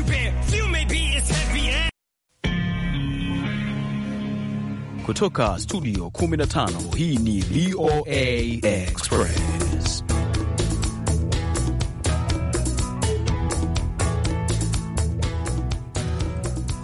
you bear. Few may be as heavy as kutoka studio 15 hii ni VOA Express.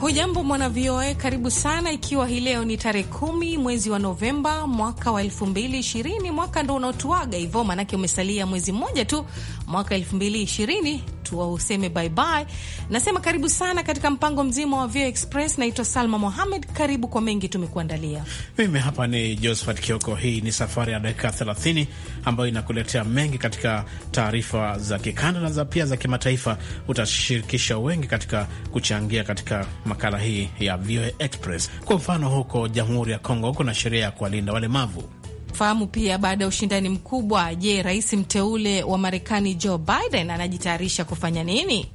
Hujambo mwana VOA, karibu sana. Ikiwa hii leo ni tarehe kumi mwezi wa Novemba mwaka wa elfu mbili ishirini mwaka ndo unaotuaga hivyo, maanake umesalia mwezi mmoja tu mwaka elfu mbili ishirini tuwaseme bye bye. Nasema karibu sana katika mpango mzima wa Vio Express. Naitwa Salma Mohamed, karibu kwa mengi tumekuandalia. Mimi hapa ni Josephat Kioko. Hii ni safari ya dakika 30 ambayo inakuletea mengi katika taarifa za kikanda na za pia za kimataifa. Utashirikisha wengi katika kuchangia katika makala hii ya Vio Express. Kwa mfano, huko Jamhuri ya Kongo kuna sheria ya kuwalinda walemavu fahamu pia baada ya ushindani mkubwa, je, rais mteule wa Marekani Joe Biden anajitayarisha kufanya nini?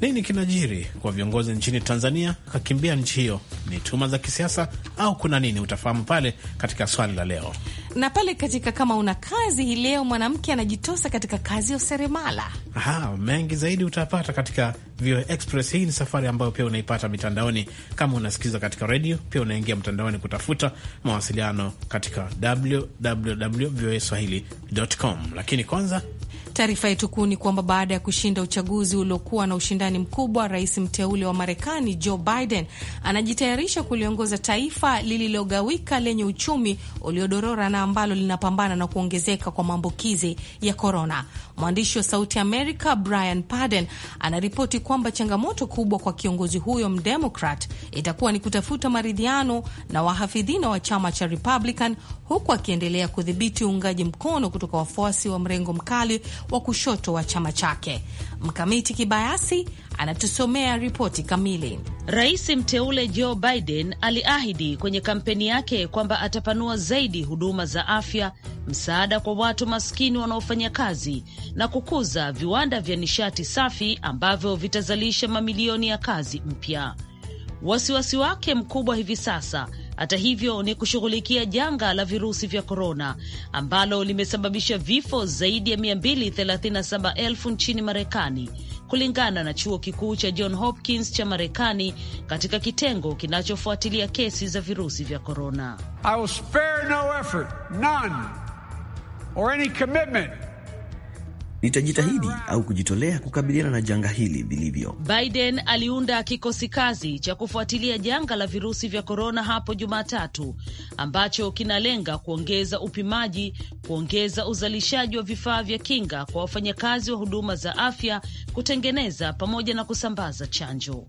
Nini kinajiri kwa viongozi nchini Tanzania kakimbia nchi hiyo? Ni tuma za kisiasa au kuna nini? Utafahamu pale katika swali la leo, na pale katika kama una kazi hii leo, mwanamke anajitosa katika kazi ya useremala. Aha, mengi zaidi utapata katika VOA Express. Hii ni safari ambayo pia unaipata mitandaoni. Kama unasikiliza katika redio, pia unaingia mtandaoni kutafuta mawasiliano katika www voa Lakini kwanza Taarifa yetu kuu ni kwamba baada ya kushinda uchaguzi uliokuwa na ushindani mkubwa, rais mteule wa Marekani Joe Biden anajitayarisha kuliongoza taifa lililogawika lenye uchumi uliodorora na ambalo linapambana na kuongezeka kwa maambukizi ya korona. Mwandishi wa Sauti Amerika Brian Paden anaripoti kwamba changamoto kubwa kwa kiongozi huyo mdemokrat itakuwa ni kutafuta maridhiano na wahafidhina wa chama cha Republican huku akiendelea kudhibiti uungaji mkono kutoka wafuasi wa mrengo mkali wa kushoto wa chama chake. Mkamiti Kibayasi anatusomea ripoti kamili. Rais mteule Joe Biden aliahidi kwenye kampeni yake kwamba atapanua zaidi huduma za afya msaada kwa watu maskini wanaofanya kazi na kukuza viwanda vya nishati safi ambavyo vitazalisha mamilioni ya kazi mpya. Wasiwasi wake mkubwa hivi sasa hata hivyo ni kushughulikia janga la virusi vya korona ambalo limesababisha vifo zaidi ya 237,000 nchini Marekani, kulingana na chuo kikuu cha John Hopkins cha Marekani katika kitengo kinachofuatilia kesi za virusi vya korona. I will spare no effort, none or any commitment nitajitahidi au kujitolea kukabiliana na janga hili vilivyo. Biden aliunda kikosi kazi cha kufuatilia janga la virusi vya korona hapo Jumatatu, ambacho kinalenga kuongeza upimaji, kuongeza uzalishaji wa vifaa vya kinga kwa wafanyakazi wa huduma za afya, kutengeneza pamoja na kusambaza chanjo.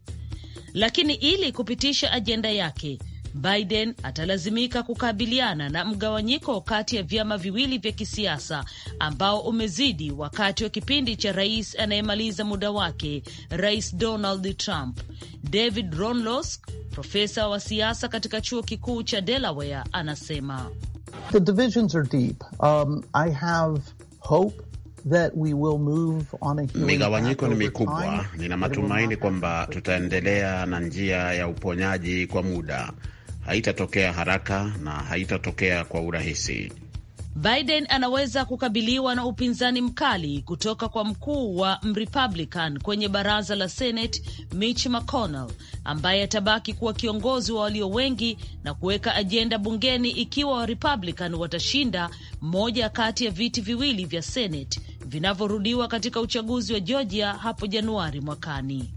Lakini ili kupitisha ajenda yake Biden atalazimika kukabiliana na mgawanyiko kati ya vyama viwili vya kisiasa ambao umezidi wakati wa kipindi cha rais anayemaliza muda wake, Rais Donald Trump. David Ronlos, profesa wa siasa katika chuo kikuu cha Delaware, anasema The divisions are deep. Um, I have hope. Migawanyiko ni mikubwa. Nina matumaini kwamba tutaendelea na njia ya uponyaji kwa muda haitatokea haraka na haitatokea kwa urahisi. Biden anaweza kukabiliwa na upinzani mkali kutoka kwa mkuu wa Mrepublican kwenye baraza la Senate Mitch McConnell, ambaye atabaki kuwa kiongozi wa walio wengi na kuweka ajenda bungeni ikiwa Warepublican watashinda moja kati ya viti viwili vya Senate vinavyorudiwa katika uchaguzi wa Georgia hapo Januari mwakani.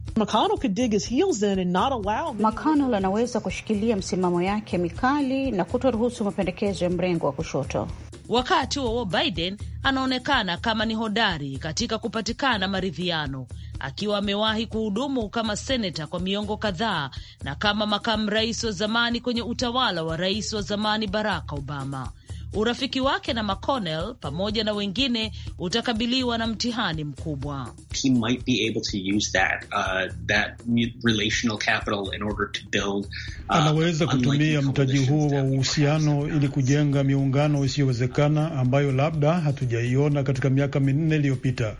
McConnell anaweza kushikilia msimamo yake mikali na kutoruhusu mapendekezo ya mrengo wa kushoto. Wakati huo Biden anaonekana kama ni hodari katika kupatikana maridhiano, akiwa amewahi kuhudumu kama seneta kwa miongo kadhaa na kama makamu rais wa zamani kwenye utawala wa rais wa zamani Barack Obama urafiki wake na McConnell pamoja na wengine utakabiliwa na mtihani mkubwa. He might be able to use that, uh, that relational capital in order to build, uh, anaweza kutumia mtaji huo wa uhusiano ili kujenga miungano isiyowezekana ambayo labda hatujaiona katika miaka minne iliyopita.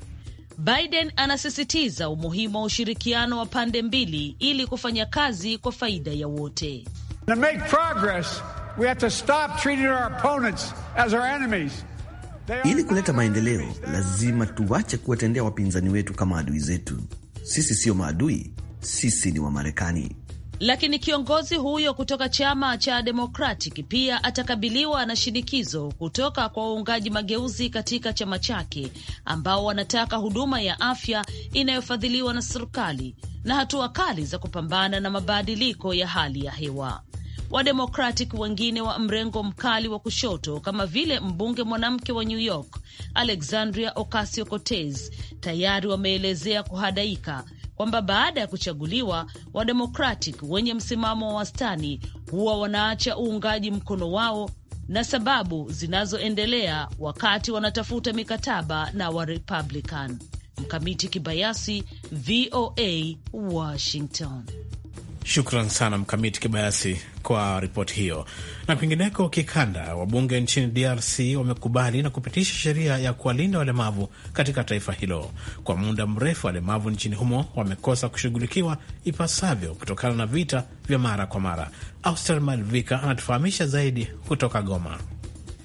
Biden anasisitiza umuhimu wa ushirikiano wa pande mbili ili kufanya kazi kwa faida ya wote. To make progress We have to stop treating our opponents as our enemies. Ili kuleta maendeleo lazima tuwache kuwatendea wapinzani wetu kama adui zetu. Sisi siyo maadui, sisi ni Wamarekani. Lakini kiongozi huyo kutoka chama cha Democratic pia atakabiliwa na shinikizo kutoka kwa waungaji mageuzi katika chama chake ambao wanataka huduma ya afya inayofadhiliwa na serikali na hatua kali za kupambana na mabadiliko ya hali ya hewa. Democratic wengine wa mrengo mkali wa kushoto kama vile mbunge mwanamke wa New York Alexandria Ocasio Cortez tayari wameelezea kuhadaika kwamba baada ya kuchaguliwa Wademokratic wenye msimamo wa wastani huwa wanaacha uungaji mkono wao na sababu zinazoendelea wakati wanatafuta mikataba na Warepublican. Mkamiti Kibayasi, VOA, Washington. Shukran sana Mkamiti Kibayasi kwa ripoti hiyo. Na kwingineko kikanda, wabunge nchini DRC wamekubali na kupitisha sheria ya kuwalinda walemavu katika taifa hilo. Kwa muda mrefu, walemavu nchini humo wamekosa kushughulikiwa ipasavyo kutokana na vita vya mara kwa mara. Auster Malvika anatufahamisha zaidi kutoka Goma.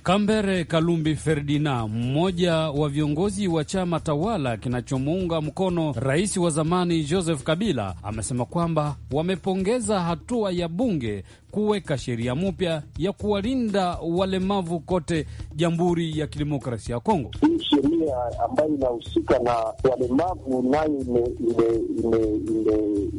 Kambere Kalumbi ferdina mmoja wa viongozi wa chama tawala kinachomuunga mkono rais wa zamani Joseph Kabila, amesema kwamba wamepongeza hatua ya bunge kuweka sheria mpya ya kuwalinda walemavu kote Jamhuri ya Kidemokrasia ya Kongo. Hii sheria ambayo inahusika na walemavu nayo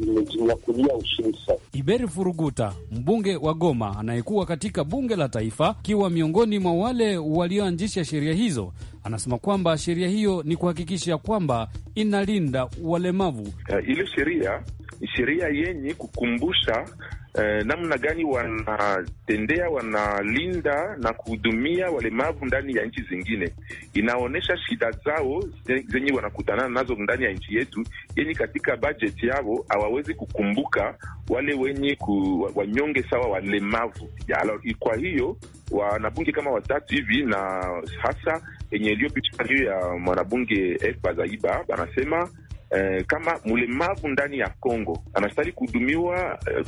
imejinyakulia ushindi Iberi Furuguta, mbunge wa Goma anayekuwa katika bunge la taifa, akiwa miongoni mwa wale walioanzisha sheria hizo, anasema kwamba sheria hiyo ni kuhakikisha kwamba inalinda walemavu. Uh, ile sheria ni sheria yenye kukumbusha eh, namna gani wanatendea wanalinda na kuhudumia walemavu ndani ya nchi zingine. Inaonyesha shida zao zenye wanakutana nazo ndani ya nchi yetu, yenye katika bajeti yao hawawezi kukumbuka wale wenye ku, wanyonge sawa walemavu. Kwa hiyo wanabunge kama watatu hivi na hasa yenye iliyopitia hiyo ya mwanabunge F Bazaiba Eh, kama mlemavu ndani ya congo anastahili kuhudumiwa eh,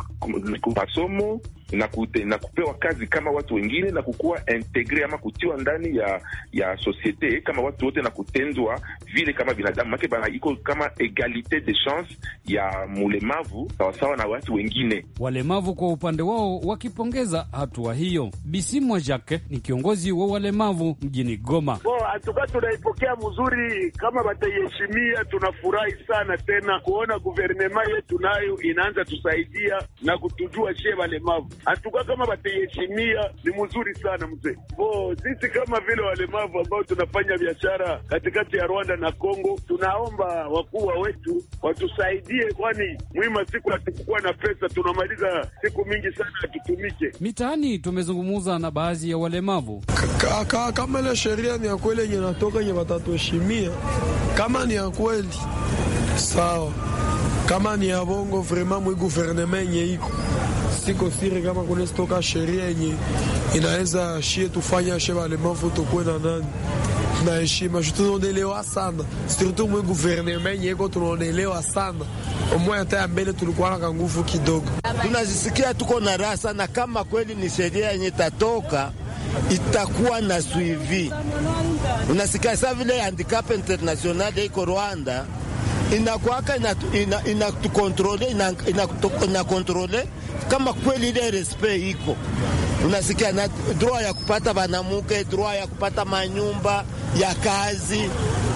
masomo na, kute, na kupewa kazi kama watu wengine na kukuwa integre ama kutiwa ndani ya ya societe kama watu wote na kutendwa vile kama binadamu, make bana iko kama egalite de chance ya mulemavu sawasawa na watu wengine. Walemavu kwa upande wao wakipongeza hatua wa hiyo. Bisimwa Jacques ni kiongozi wa walemavu mjini Goma. Hatuka tunaipokea mzuri, kama bataiheshimia tunafurahi sana tena kuona guvernema yetu nayo inaanza tusaidia na kutujua shie walemavu atuka kama bataiheshimia ni mzuri sana mzee. Oh, sisi kama vile walemavu ambao tunafanya biashara katikati ya Rwanda na Kongo, tunaomba wakubwa wetu watusaidie, kwani mwima siku hatukukuwa na pesa, tunamaliza siku mingi sana hatutumike mitaani. Tumezungumza na baadhi ya walemavu kama ile sheria ni ya kweli yenye natoka yenye watatuheshimia, kama ni ya kweli sawa, kama ni ya bongo vrema mwi guverneme yenye iko siko siri kama kunazitoka sheria yenye inaweza shie tufanya shevalemavu tokuwe na nani na heshima. Tunaonelewa sana surtout mwe guverneme nyeko, tunaonelewa sana omwe, hata ya mbele tulikuwa na kanguvu kidogo. Tunazisikia tuko na raha sana, kama kweli ni sheria yenye tatoka itakuwa na suivi. Unasikia sa vile handicap international iko Rwanda inakwaka inatukontrole ina, ina, ina kama kweli ile respect iko unasikia na droa ya kupata banamuke, droa ya kupata manyumba ya kazi,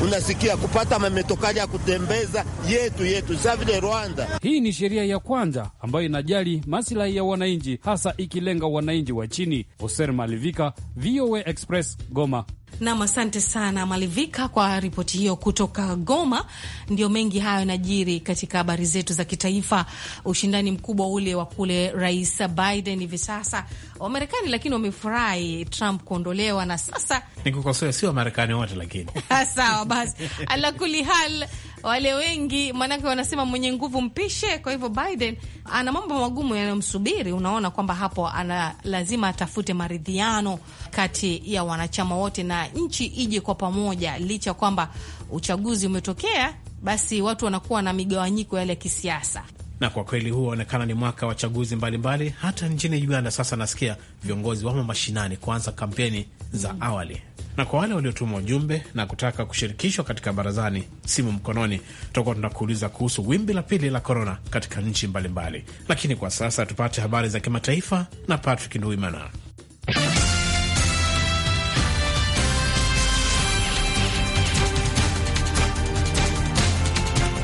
unasikia kupata mametokali ya kutembeza yetu yetu, sa vile Rwanda. Hii ni sheria ya kwanza ambayo inajali maslahi ya wananchi, hasa ikilenga wananchi wa chini. Hoser Malivika, VOA Express, Goma. Nam, asante sana Malivika kwa ripoti hiyo kutoka Goma. Ndio mengi hayo yanajiri katika habari zetu za kitaifa. Ushindani mkubwa ule wa kule Rais Biden hivi sasa, Wamarekani lakini wamefurahi Trump kuondolewa, na sasa nikukosoe, sio Wamarekani wote lakini sawa basi, ala kuli hal wale wengi, maanake wanasema mwenye nguvu mpishe. Kwa hivyo Biden ana mambo magumu yanayomsubiri. Unaona kwamba hapo ana lazima atafute maridhiano kati ya wanachama wote na nchi ije kwa pamoja, licha kwamba uchaguzi umetokea, basi watu wanakuwa na migawanyiko yale ya kisiasa na kwa kweli huo onekana ni mwaka wa chaguzi mbalimbali. Hata nchini Uganda sasa nasikia viongozi wamo mashinani kuanza kampeni za mm. awali na kwa wale waliotuma ujumbe na kutaka kushirikishwa katika barazani simu mkononi, tutakuwa tunakuuliza kuhusu wimbi la pili la korona katika nchi mbalimbali mbali. Lakini kwa sasa tupate habari za kimataifa na Patrick Nduimana.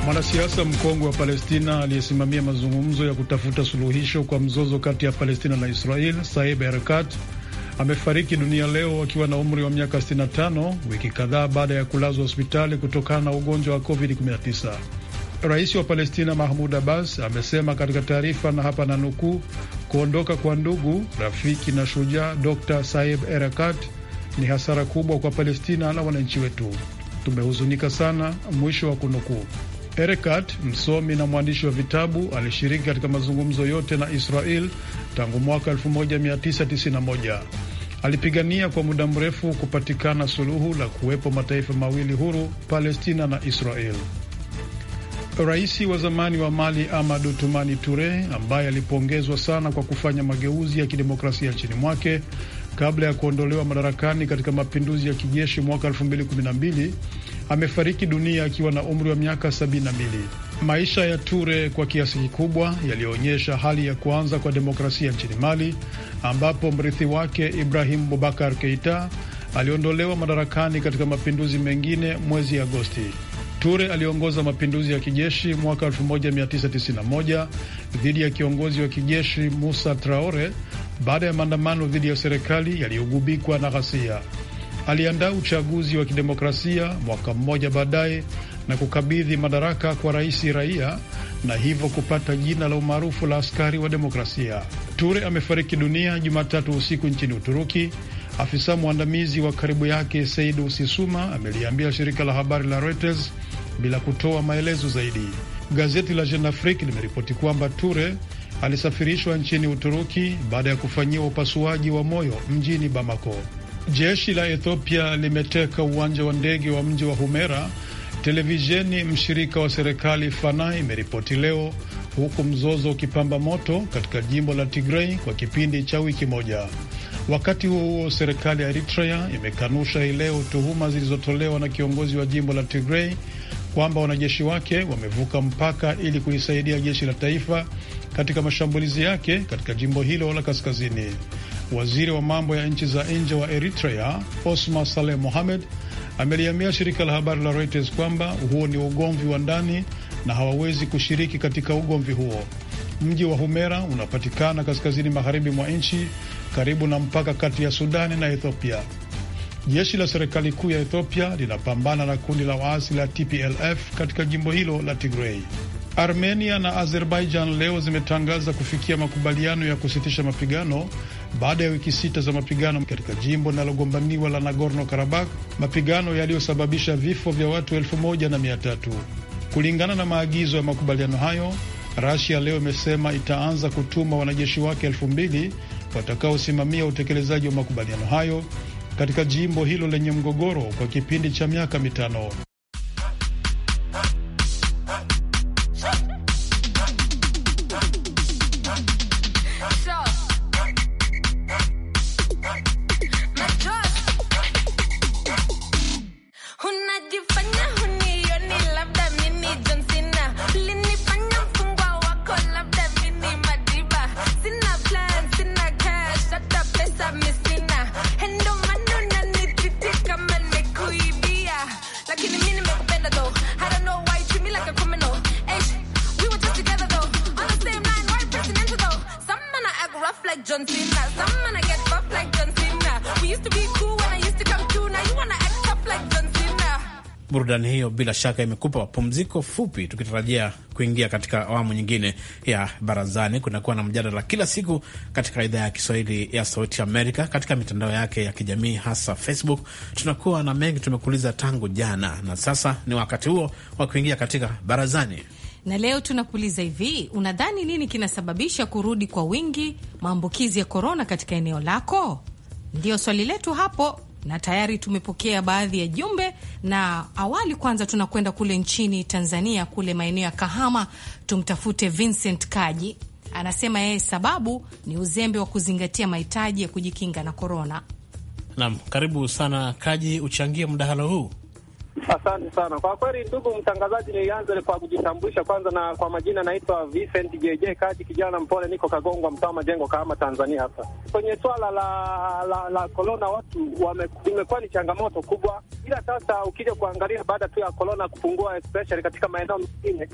Mwanasiasa mkongwe wa Palestina aliyesimamia mazungumzo ya kutafuta suluhisho kwa mzozo kati ya Palestina na Israel, Saib Herakat amefariki dunia leo akiwa na umri wa miaka 65 wiki kadhaa baada ya kulazwa hospitali kutokana na ugonjwa wa COVID-19. Rais wa Palestina Mahmud Abbas amesema katika taarifa, na hapa na nukuu, kuondoka kwa ndugu, rafiki na shujaa Dr Saib Erekat ni hasara kubwa kwa Palestina na wananchi wetu. Tumehuzunika sana, mwisho wa kunukuu. Erekat, msomi na mwandishi wa vitabu, alishiriki katika mazungumzo yote na Israel tangu mwaka 1991. Alipigania kwa muda mrefu kupatikana suluhu la kuwepo mataifa mawili huru, Palestina na Israel. Raisi wa zamani wa Mali Amadu Tumani Ture, ambaye alipongezwa sana kwa kufanya mageuzi ya kidemokrasia nchini mwake kabla ya kuondolewa madarakani katika mapinduzi ya kijeshi mwaka 2012 amefariki dunia akiwa na umri wa miaka na mbili Maisha ya Ture kwa kiasi kikubwa yaliyoonyesha hali ya kuanza kwa demokrasia nchini Mali, ambapo mrithi wake Ibrahim bubakar Keita aliondolewa madarakani katika mapinduzi mengine mwezi Agosti. Ture aliongoza mapinduzi ya kijeshi mwaka 1991 dhidi ya kiongozi wa kijeshi Musa Traore baada ya maandamano dhidi ya serikali yaliyogubikwa na ghasia aliandaa uchaguzi wa kidemokrasia mwaka mmoja baadaye na kukabidhi madaraka kwa rais raia na hivyo kupata jina la umaarufu la askari wa demokrasia. Ture amefariki dunia Jumatatu usiku nchini Uturuki. Afisa mwandamizi wa karibu yake Said usisuma ameliambia shirika la habari la Reuters bila kutoa maelezo zaidi. Gazeti la Jeune Afrique limeripoti kwamba Ture alisafirishwa nchini Uturuki baada ya kufanyiwa upasuaji wa moyo mjini Bamako. Jeshi la Ethiopia limeteka uwanja wa ndege wa mji wa Humera, televisheni mshirika wa serikali Fana imeripoti leo, huku mzozo ukipamba moto katika jimbo la Tigrei kwa kipindi cha wiki moja. Wakati huo huo, serikali ya Eritrea imekanusha hii leo tuhuma zilizotolewa na kiongozi wa jimbo la Tigrei kwamba wanajeshi wake wamevuka mpaka ili kulisaidia jeshi la taifa katika mashambulizi yake katika jimbo hilo la kaskazini. Waziri wa mambo ya nchi za nje wa Eritrea Osma Saleh Mohamed ameliambia shirika la habari la Reuters kwamba huo ni ugomvi wa ndani na hawawezi kushiriki katika ugomvi huo. Mji wa Humera unapatikana kaskazini magharibi mwa nchi karibu na mpaka kati ya Sudani na Ethiopia. Jeshi la serikali kuu ya Ethiopia linapambana na kundi la waasi la TPLF katika jimbo hilo la Tigrei. Armenia na Azerbaijan leo zimetangaza kufikia makubaliano ya kusitisha mapigano baada ya wiki sita za mapigano katika jimbo linalogombaniwa la Nagorno Karabakh, mapigano yaliyosababisha vifo vya watu elfu moja na mia tatu. Kulingana na maagizo ya makubaliano hayo, Rasia leo imesema itaanza kutuma wanajeshi wake elfu mbili watakaosimamia utekelezaji wa makubaliano hayo katika jimbo hilo lenye mgogoro kwa kipindi cha miaka mitano. Burudani hiyo bila shaka imekupa mapumziko fupi, tukitarajia kuingia katika awamu nyingine ya barazani. Kunakuwa na mjadala kila siku katika idhaa ya Kiswahili ya Sauti Amerika, katika mitandao yake ya kijamii, hasa Facebook. Tunakuwa na mengi tumekuuliza tangu jana, na sasa ni wakati huo wa kuingia katika barazani. Na leo tunakuuliza hivi, unadhani nini kinasababisha kurudi kwa wingi maambukizi ya korona katika eneo lako? Ndiyo swali letu hapo, na tayari tumepokea baadhi ya jumbe. Na awali kwanza, tunakwenda kule nchini Tanzania, kule maeneo ya Kahama, tumtafute Vincent Kaji. Anasema yeye sababu ni uzembe wa kuzingatia mahitaji ya kujikinga na korona. Naam, karibu sana Kaji, uchangie mdahalo huu. Asante sana kwa kweli, ndugu mtangazaji, nilianze kwa kujitambulisha kwanza, na kwa majina naitwa Vincent JJ Kaji, kijana mpole, niko Kagongwa, mtaa Majengo, Kahama, Tanzania. Hapa kwenye swala la la, la korona, watu imekuwa ni changamoto kubwa, ila sasa ukija kuangalia baada tu ya korona kupungua, especially katika maeneo mengine,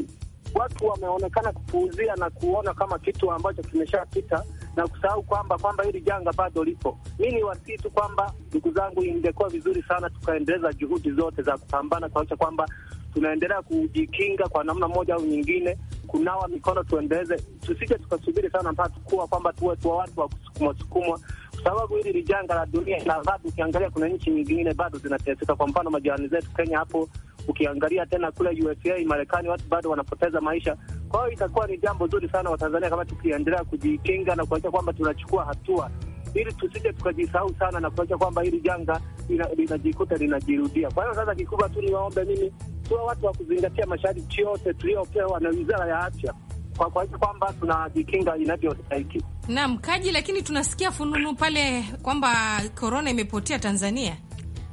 watu wameonekana kupuuzia na kuona kama kitu ambacho kimeshapita na kusahau kwamba kwamba hili janga bado lipo. Mi ni wasii tu kwamba, ndugu zangu, ingekuwa vizuri sana tukaendeleza juhudi zote za kupambana kuakisha kwamba tunaendelea kujikinga kwa namna moja au nyingine, kunawa mikono tuendeleze, tusije tukasubiri sana mpaka tukua kwamba tuwe tuwa watu wa kusukumwa sukumwa sababu hili ni janga la dunia, na bado ukiangalia kuna nchi nyingine bado zinateseka. Kwa mfano majirani zetu Kenya hapo, ukiangalia tena kule USA Marekani, watu bado wanapoteza maisha. Kwa hiyo itakuwa ni jambo zuri sana Watanzania kama tukiendelea kujikinga na kuakisha kwamba tunachukua hatua ili tusije tukajisahau sana na kuakisha kwamba hili janga linajikuta linajirudia. Kwa hiyo sasa, kikubwa tu niwaombe mimi tuwa watu wa kuzingatia masharti yote tuliopewa na Wizara ya Afya kwa kuakisha kwamba tunajikinga inavyostahiki. Naam, Kaji, lakini tunasikia fununu pale kwamba korona imepotea Tanzania.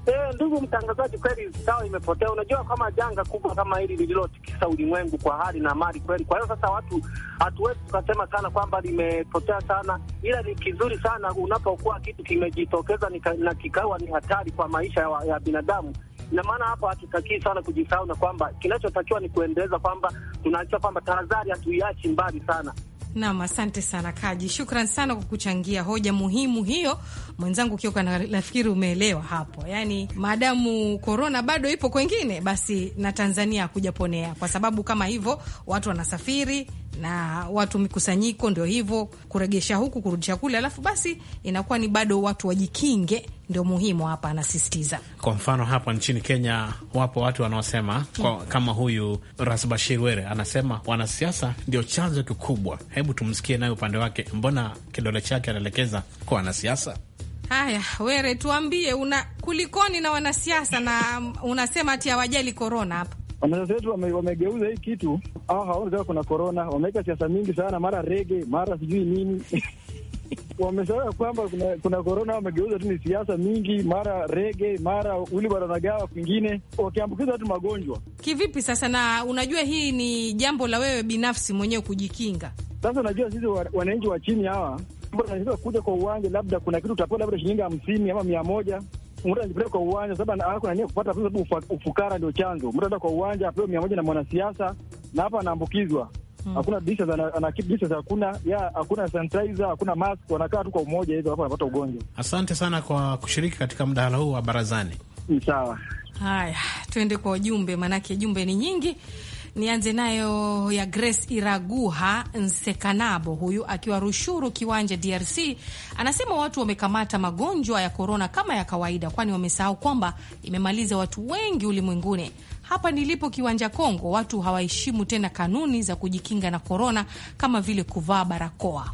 Eh, ndugu mtangazaji, kweli sawa, imepotea. Unajua kama janga kubwa kama hili lililotikisa ulimwengu kwa hali na mali kweli. Kwa hiyo sasa, watu hatuwezi tukasema sana kwamba limepotea sana, ila ni kizuri sana unapokuwa kitu kimejitokeza na kikawa ni hatari kwa maisha ya, ya binadamu na maana hapo hatutakii sana kujisahau, na kwamba kinachotakiwa ni kuendeleza kwamba tunaacha kwamba tahadhari hatuiachi mbali sana, Nam, asante sana Kaji, shukran sana kwa kuchangia hoja muhimu hiyo. Mwenzangu Kioko, nafikiri umeelewa hapo, yaani maadamu korona bado ipo kwengine, basi na Tanzania hakujaponea, kwa sababu kama hivyo watu wanasafiri na watu mikusanyiko, ndio hivyo kuregesha huku kurudisha kule, alafu basi inakuwa ni bado watu wajikinge, ndio muhimu hapa, anasisitiza. Kwa mfano hapa nchini Kenya wapo watu wanaosema kwa, kama huyu Ras Bashir Were anasema wanasiasa ndio chanzo kikubwa. Hebu tumsikie naye upande wake, mbona kidole chake anaelekeza kwa wanasiasa. Haya, Were, tuambie una kulikoni na wanasiasa na unasema ati hawajali korona hapa wanasiasa wetu wame, wamegeuza hii kitu au hawaoni kama kuna korona. Wameweka siasa mingi sana, mara rege, mara sijui nini wamesahau kwamba kuna korona. Wamegeuza tu ni siasa mingi, mara rege, mara uli wanagawa kwingine, wakiambukiza watu magonjwa kivipi? Sasa na unajua, hii ni jambo la wewe binafsi mwenyewe kujikinga. Sasa unajua sisi wananchi wa chini hawa kuja kwa uwanja, labda kuna kitu utapewa labda shilingi hamsini ama mia moja mtu anajipeleka kwa uwanja sababu ako kupata pesa tu, ufukara ndio chanzo. Mtu anaenda kwa uwanja apewe mia moja na mwanasiasa, na hapa anaambukizwa hmm. hakuna Dishes, ana keep dishes, hakuna ya hakuna sanitizer, hakuna mask, wanakaa tu kwa umoja, hizo hapo anapata ugonjwa. Asante sana kwa kushiriki katika mdahalo huu wa barazani. Sawa, haya tuende kwa ujumbe, maanake jumbe ni nyingi. Nianze nayo ya Grace Iraguha Nsekanabo, huyu akiwa Rushuru Kiwanja, DRC, anasema watu wamekamata magonjwa ya korona kama ya kawaida, kwani wamesahau kwamba imemaliza watu wengi ulimwenguni. Hapa nilipo Kiwanja Kongo, watu hawaheshimu tena kanuni za kujikinga na korona kama vile kuvaa barakoa.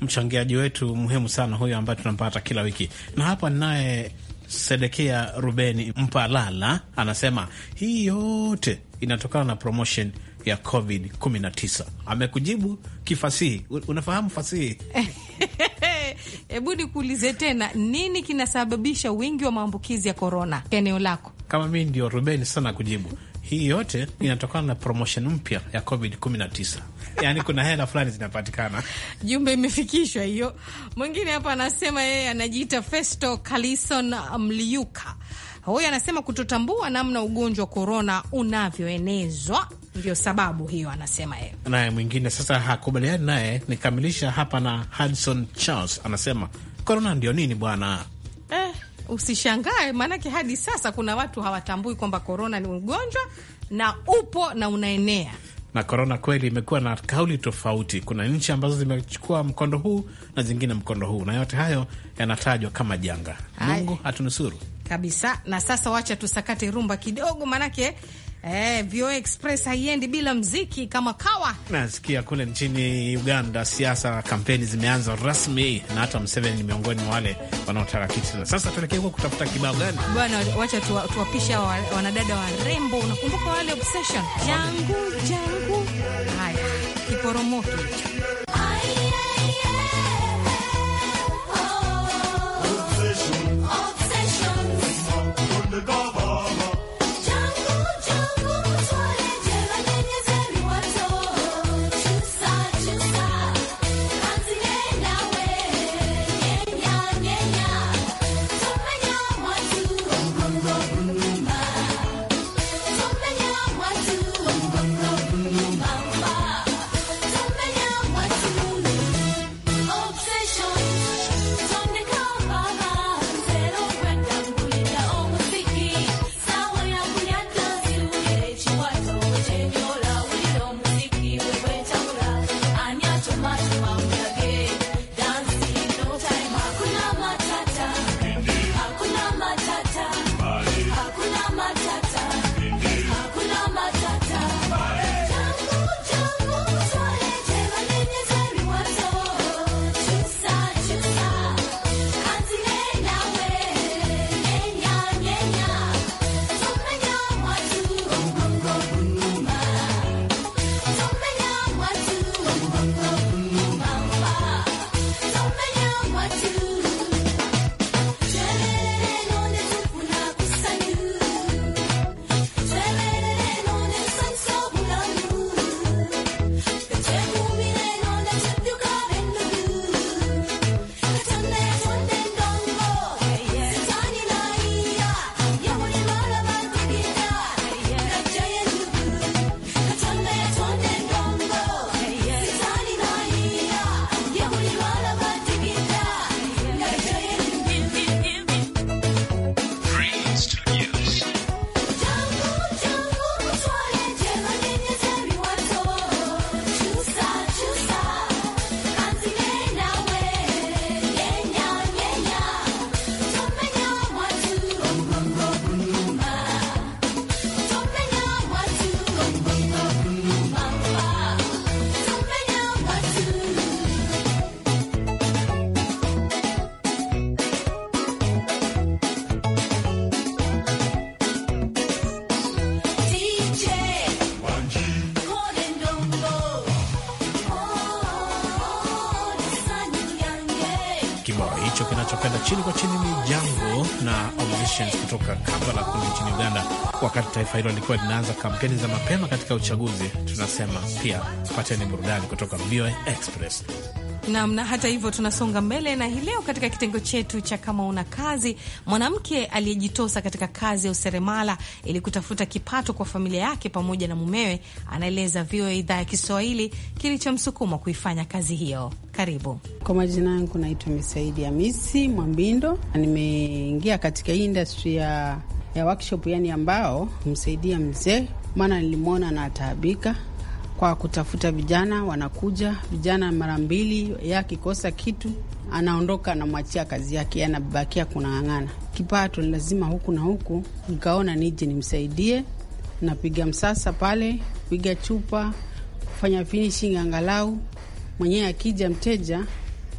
Mchangiaji wetu muhimu sana huyo ambaye tunampata kila wiki, na hapa naye Sedekia Rubeni Mpalala anasema hii yote inatokana na promotion ya COVID 19. Amekujibu kifasihi. Unafahamu fasihi? Hebu nikuulize tena, nini kinasababisha wingi wa maambukizi ya korona eneo lako? Kama mii ndio rubeni sana kujibu hii yote inatokana na promotion mpya ya COVID 19, yaani kuna hela fulani zinapatikana. Jumbe imefikishwa hiyo. Mwingine hapa anasema yeye anajiita Festo Kalison Mliuka, Huyu anasema kutotambua namna ugonjwa wa korona unavyoenezwa ndio sababu hiyo, anasema yeye. Naye mwingine sasa hakubaliani naye, nikamilisha hapa na Hudson Charles anasema korona ndio nini bwana eh. Usishangae, maanake hadi sasa kuna watu hawatambui kwamba korona ni ugonjwa na upo na unaenea na korona kweli imekuwa na kauli tofauti. Kuna nchi ambazo zimechukua mkondo huu na zingine mkondo huu, na yote hayo yanatajwa kama janga. Mungu hatunusuru kabisa. Na sasa wacha tusakate rumba kidogo, manake Eh, Vio Express haiendi bila mziki kama kawa. Nasikia kule nchini Uganda siasa kampeni zimeanza rasmi na hata Museveni ni miongoni mwa wale wanaotaka kiti. Sasa tuelekee huko kutafuta kibao gani? Bwana, wacha tuwapisha wa, wanadada warembo. Unakumbuka wale obsession? Jangu jangu. Haya, kiporomoto. Wakati taifa hilo lilikuwa linaanza kampeni za mapema katika uchaguzi, tunasema pia pateni burudani kutoka VOA Express. Naam, na hata hivyo tunasonga mbele na hii leo katika kitengo chetu cha kama una kazi, mwanamke aliyejitosa katika kazi ya useremala ili kutafuta kipato kwa familia yake pamoja na mumewe, anaeleza VOA idhaa ya Kiswahili kilichomsukuma kuifanya kazi hiyo. Karibu. Kwa majina yangu naitwa Misaidi Hamisi Mwambindo. Nimeingia katika industry ya ya workshop yani ambao msaidia mzee, maana nilimwona anataabika kwa kutafuta vijana, wanakuja vijana mara mbili, yakikosa akikosa kitu anaondoka, anamwachia kazi yake, anabakia kunang'ang'ana kipato lazima huku na huku. Nikaona nije nimsaidie, napiga msasa pale, piga chupa, kufanya finishing, angalau mwenyewe akija mteja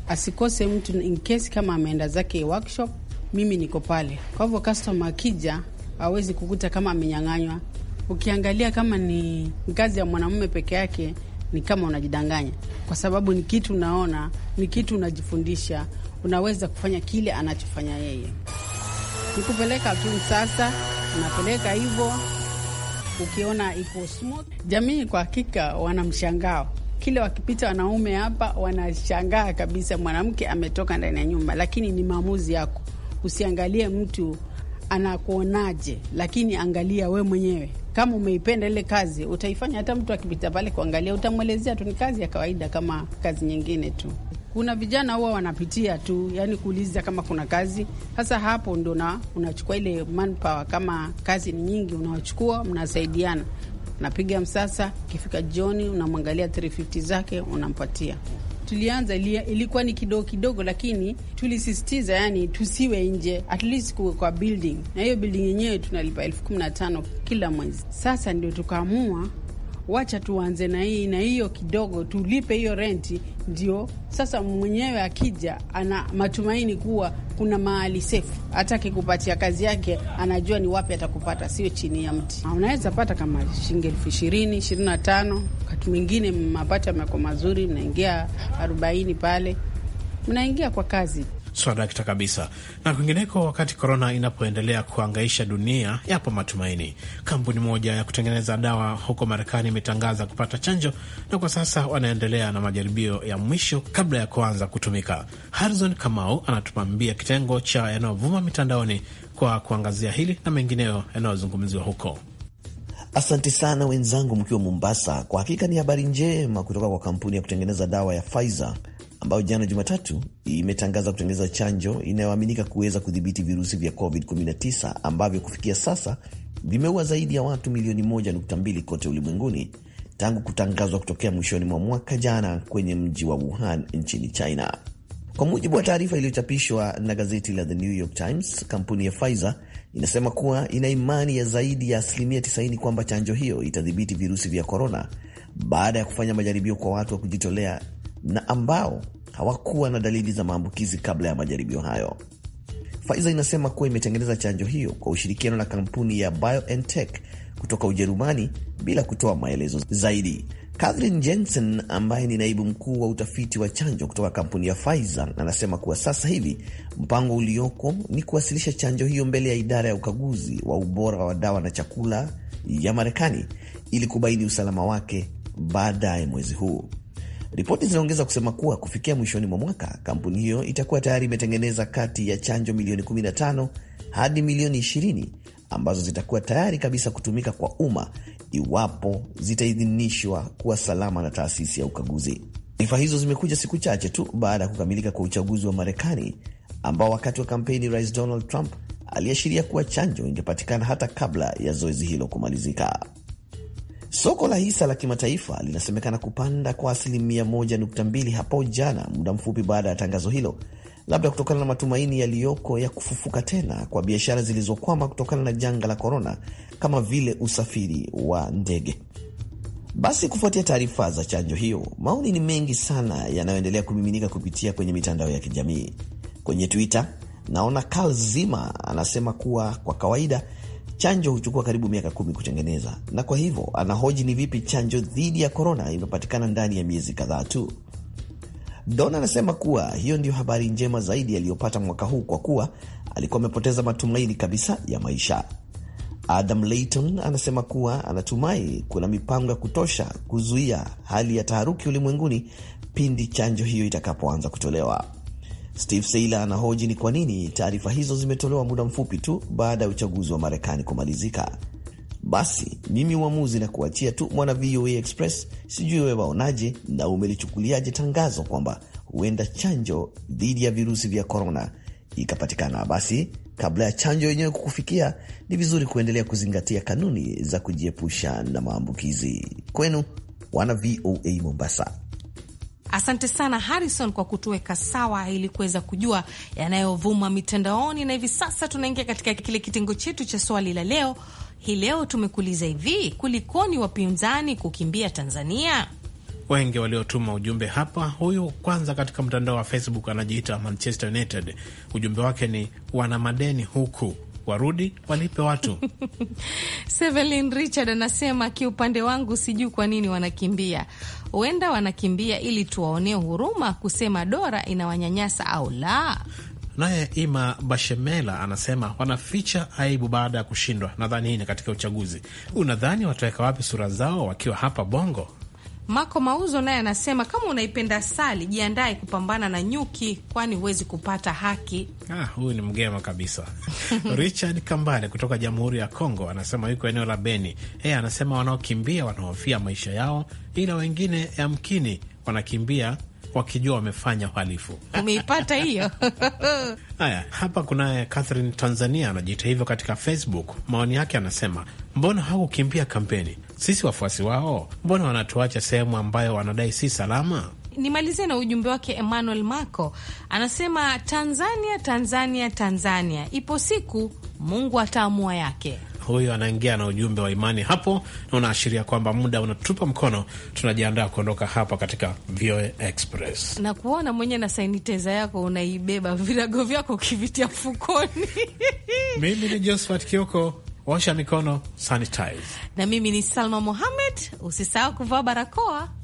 asikose mtu, in case kama ameenda zake workshop mimi niko pale. Kwa hivyo customer akija hawezi kukuta kama amenyang'anywa. Ukiangalia kama ni ngazi ya mwanamume peke yake, ni kama unajidanganya, kwa sababu ni kitu unaona, ni kitu unajifundisha, unaweza kufanya kile anachofanya yeye. Nikupeleka tu sasa, unapeleka hivyo, ukiona iko smooth. Jamii kwa hakika wana mshangao kile wakipita wanaume hapa wanashangaa kabisa, mwanamke ametoka ndani ya nyumba, lakini ni maamuzi yako usiangalie mtu anakuonaje, lakini angalia we mwenyewe kama umeipenda ile kazi utaifanya. Hata mtu akipita pale kuangalia, utamwelezea tu ni kazi ya kawaida kama kazi nyingine tu. Kuna vijana huwa wanapitia tu, yani kuuliza kama kuna kazi. Sasa hapo ndo na unachukua ile manpower, kama kazi ni nyingi, unawachukua mnasaidiana, napiga msasa, ukifika jioni unamwangalia 350 zake unampatia tulianza ilikuwa ni kidogo kidogo, lakini tulisisitiza yani tusiwe nje, at least kuwe kwa building, na hiyo building yenyewe tunalipa elfu kumi na tano kila mwezi. Sasa ndio tukaamua wacha tuanze na hii na hiyo kidogo, tulipe hiyo renti, ndio sasa mwenyewe akija ana matumaini kuwa kuna mahali sefu, hata akikupatia kazi yake anajua ni wapi atakupata, sio chini ya mti. Unaweza pata kama shilingi elfu ishirini ishirini na tano mwingine mapato mako mazuri, mnaingia arobaini pale, mnaingia kwa kazi swadakta kabisa. Na kwingineko, wakati korona inapoendelea kuangaisha dunia, yapo matumaini. Kampuni moja ya kutengeneza dawa huko Marekani imetangaza kupata chanjo, na kwa sasa wanaendelea na majaribio ya mwisho kabla ya kuanza kutumika. Harrison Kamau anatupambia kitengo cha yanayovuma mitandaoni kwa kuangazia hili na mengineyo yanayozungumziwa huko. Asante sana wenzangu, mkiwa Mombasa. Kwa hakika ni habari njema kutoka kwa kampuni ya kutengeneza dawa ya Pfizer ambayo jana Jumatatu imetangaza kutengeneza chanjo inayoaminika kuweza kudhibiti virusi vya COVID-19 ambavyo kufikia sasa vimeua zaidi ya watu milioni 1.2 kote ulimwenguni tangu kutangazwa kutokea mwishoni mwa mwaka jana kwenye mji wa Wuhan nchini China. Kwa mujibu wa taarifa iliyochapishwa na gazeti la The New York Times, kampuni ya Pfizer inasema kuwa ina imani ya zaidi ya asilimia 90 kwamba chanjo hiyo itadhibiti virusi vya korona baada ya kufanya majaribio kwa watu wa kujitolea na ambao hawakuwa na dalili za maambukizi kabla ya majaribio hayo. Pfizer inasema kuwa imetengeneza chanjo hiyo kwa ushirikiano na kampuni ya BioNTech kutoka Ujerumani bila kutoa maelezo zaidi. Katherine Jensen ambaye ni naibu mkuu wa utafiti wa chanjo kutoka kampuni ya Pfizer anasema kuwa sasa hivi mpango ulioko ni kuwasilisha chanjo hiyo mbele ya idara ya ukaguzi wa ubora wa dawa na chakula ya Marekani ili kubaini usalama wake baadaye mwezi huu. Ripoti zinaongeza kusema kuwa kufikia mwishoni mwa mwaka, kampuni hiyo itakuwa tayari imetengeneza kati ya chanjo milioni 15 hadi milioni 20 ambazo zitakuwa tayari kabisa kutumika kwa umma iwapo zitaidhinishwa kuwa salama na taasisi ya ukaguzi. Taarifa hizo zimekuja siku chache tu baada ya kukamilika kwa uchaguzi wa Marekani ambao wakati wa kampeni Rais Donald Trump aliashiria kuwa chanjo ingepatikana hata kabla ya zoezi hilo kumalizika. Soko la hisa la kimataifa linasemekana kupanda kwa asilimia 1.2 hapo jana, muda mfupi baada ya tangazo hilo labda kutokana na matumaini yaliyoko ya kufufuka tena kwa biashara zilizokwama kutokana na janga la korona kama vile usafiri wa ndege. Basi kufuatia taarifa za chanjo hiyo, maoni ni mengi sana yanayoendelea kumiminika kupitia kwenye mitandao ya kijamii. Kwenye Twitter naona Karl Zima anasema kuwa kwa kawaida chanjo huchukua karibu miaka kumi kutengeneza, na kwa hivyo anahoji ni vipi chanjo dhidi ya korona imepatikana ndani ya miezi kadhaa tu. Don anasema kuwa hiyo ndiyo habari njema zaidi aliyopata mwaka huu kwa kuwa alikuwa amepoteza matumaini kabisa ya maisha. Adam Layton anasema kuwa anatumai kuna mipango ya kutosha kuzuia hali ya taharuki ulimwenguni pindi chanjo hiyo itakapoanza kutolewa. Steve Seiler anahoji ni kwa nini taarifa hizo zimetolewa muda mfupi tu baada ya uchaguzi wa Marekani kumalizika. Basi mimi uamuzi na kuachia tu mwana VOA Express. Sijui wewe waonaje na umelichukuliaje tangazo kwamba huenda chanjo dhidi ya virusi vya korona ikapatikana? Basi kabla ya chanjo yenyewe kukufikia, ni vizuri kuendelea kuzingatia kanuni za kujiepusha na maambukizi. Kwenu wana VOA Mombasa. Asante sana Harrison kwa kutuweka sawa ili kuweza kujua yanayovuma mitandaoni, na hivi sasa tunaingia katika kile kitengo chetu cha swali la leo hii leo tumekuuliza hivi, kulikoni wapinzani kukimbia Tanzania? Wengi waliotuma ujumbe hapa. Huyu kwanza katika mtandao wa Facebook anajiita Manchester United, ujumbe wake ni wana madeni huku warudi walipe watu. Sevelin Richard anasema kiupande wangu sijui kwa nini wanakimbia. Huenda wanakimbia ili tuwaonee huruma, kusema dora inawanyanyasa au la. Naye Ima Bashemela anasema wanaficha aibu baada ya kushindwa. Nadhani hii ni katika uchaguzi. Unadhani wataweka wapi sura zao wakiwa hapa Bongo? Mako Mauzo naye anasema kama unaipenda asali, jiandae kupambana na nyuki, kwani huwezi kupata haki. Ah, huyu ni mgema kabisa. Richard Kambale kutoka Jamhuri ya Kongo anasema yuko eneo la Beni. E, anasema wanaokimbia wanahofia maisha yao, ila wengine yamkini wanakimbia wakijua wamefanya uhalifu. Umeipata hiyo? Haya, hapa kunaye Catherine Tanzania anajiita hivyo katika Facebook. Maoni yake anasema, mbona hakukimbia kampeni? Sisi wafuasi wao, mbona wanatuacha sehemu ambayo wanadai si salama? Nimalizie na ujumbe wake Emmanuel Marco anasema, Tanzania, Tanzania, Tanzania, ipo siku Mungu ataamua yake huyo anaingia na ujumbe wa imani hapo, na unaashiria kwamba muda unatupa mkono, tunajiandaa kuondoka hapa katika VOA Express. Na kuona mwenye na sanitiza yako unaibeba, virago vyako ukivitia mfukoni. Mimi ni Josephat Kioko, washa mikono sanitize. Na mimi ni Salma Mohamed, usisahau kuvaa barakoa.